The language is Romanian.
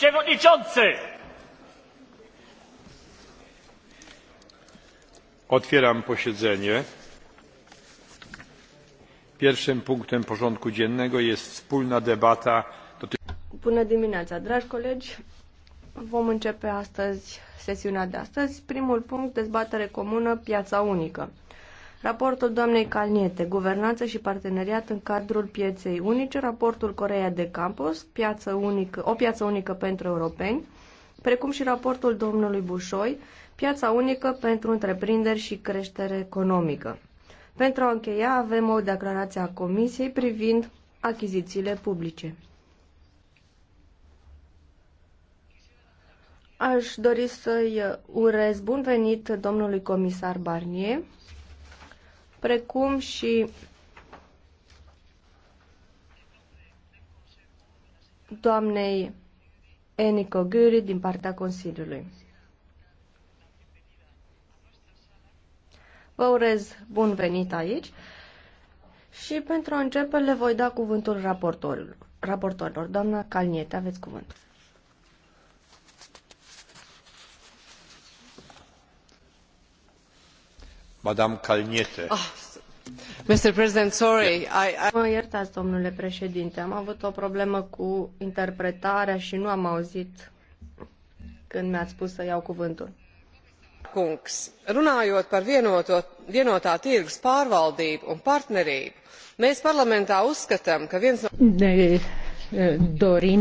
przewodniczący! Otwieram posiedzenie. Pierwszym punktem porządku dziennego jest wspólna debata Bună dimineața, dragi colegi! Vom începe astăzi sesiunea de astăzi. Primul punct, dezbatere comună, piața unică. Raportul doamnei Calniete, Guvernanță și parteneriat în cadrul pieței unice, raportul Coreea de campus, piață unică, o piață unică pentru europeni, precum și raportul domnului Bușoi, piața unică pentru întreprinderi și creștere economică. Pentru a încheia, avem o declarație a Comisiei privind achizițiile publice. Aș dori să-i urez bun venit domnului comisar Barnier precum și doamnei Enico Guri din partea Consiliului. Vă urez bun venit aici și pentru a începe le voi da cuvântul raportorilor. Raportorilor, doamna Calniete, aveți cuvântul. Ah, mă iertați domnule președinte am avut o problemă cu interpretarea și nu am auzit când mi ați spus să iau cuvântul. runājot par vienotā tirgus pārvaldību un partnerību mēs parlamentā uzskatām ka viens no. Eh, dorim